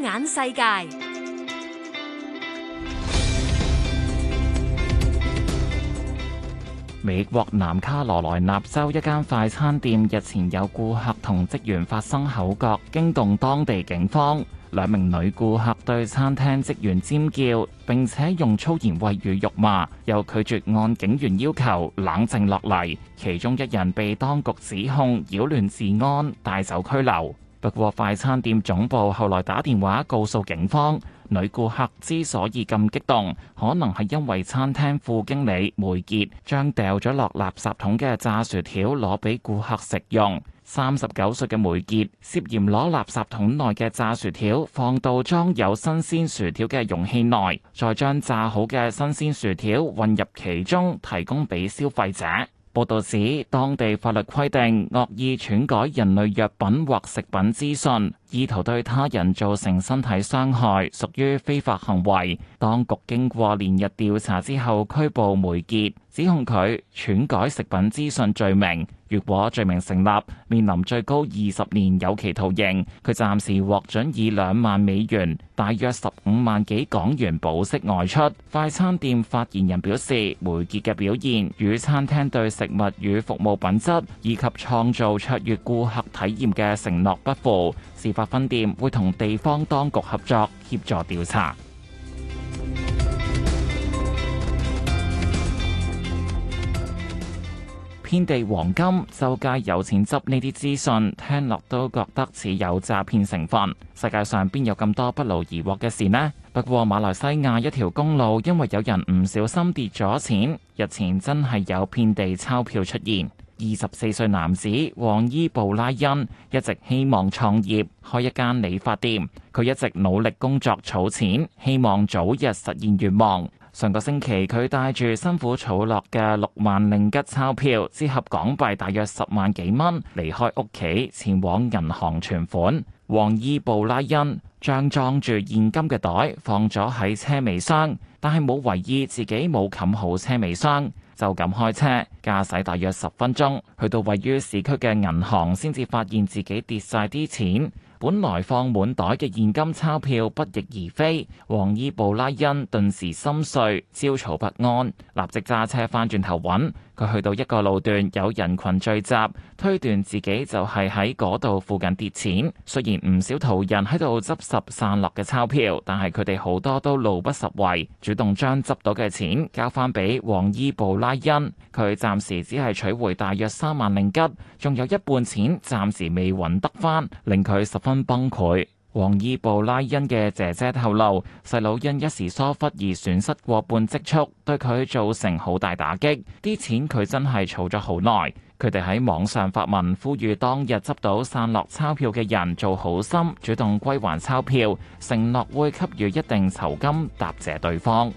眼世界。美國南卡羅來納州一間快餐店日前有顧客同職員發生口角，驚動當地警方。兩名女顧客對餐廳職員尖叫，並且用粗言穢語辱罵，又拒絕按警員要求冷靜落嚟。其中一人被當局指控擾亂治安，帶走拘留。不過快餐店總部後來打電話告訴警方，女顧客之所以咁激動，可能係因為餐廳副經理梅杰將掉咗落垃圾桶嘅炸薯條攞俾顧客食用。三十九歲嘅梅杰涉嫌攞垃圾桶內嘅炸薯條放到裝有新鮮薯條嘅容器內，再將炸好嘅新鮮薯條混入其中，提供俾消費者。報道指，當地法律規定惡意篡改人類藥品或食品資訊，意圖對他人造成身體傷害，屬於非法行為。當局經過連日調查之後，拘捕梅杰，指控佢篡改食品資訊罪名。如果罪名成立，面臨最高二十年有期徒刑。佢暫時獲准以兩萬美元（大約十五萬幾港元）保釋外出。快餐店發言人表示，梅杰嘅表現與餐廳對食物與服務品質以及創造卓越顧客體驗嘅承諾不符，是分店會同地方當局合作協助調查。遍地黃金，周街有錢執呢啲資訊，聽落都覺得似有詐騙成分。世界上邊有咁多不勞而獲嘅事呢？不過馬來西亞一條公路因為有人唔小心跌咗錢，日前真係有遍地鈔票出現。二十四歲男子黃伊布拉欣一直希望創業開一間理髮店，佢一直努力工作儲錢，希望早日實現願望。上個星期佢帶住辛苦儲落嘅六萬令吉鈔票，折合港幣大約十萬幾蚊，離開屋企前往銀行存款。黃伊布拉欣將裝住現金嘅袋放咗喺車尾箱，但係冇留意自己冇冚好車尾箱。就咁開車，駕駛大約十分鐘去到位於市區嘅銀行，先至發現自己跌晒啲錢。本來放滿袋嘅現金鈔票不翼而飛，黃伊布拉欣頓時心碎、焦躁不安，立即揸車翻轉頭揾。佢去到一個路段，有人群聚集，推斷自己就係喺嗰度附近跌錢。雖然唔少途人喺度執拾散落嘅鈔票，但係佢哋好多都路不拾遺，主動將執到嘅錢交翻俾黃伊布拉欣。佢暫時只係取回大約三萬令吉，仲有一半錢暫時未揾得翻，令佢十分。崩潰。黃伊布拉欣嘅姐姐透露，細佬因一時疏忽而損失過半積蓄，對佢造成好大打擊。啲錢佢真係儲咗好耐。佢哋喺網上發文呼籲，當日執到散落鈔票嘅人做好心，主動歸還鈔票，承諾會給予一定酬金答謝對方。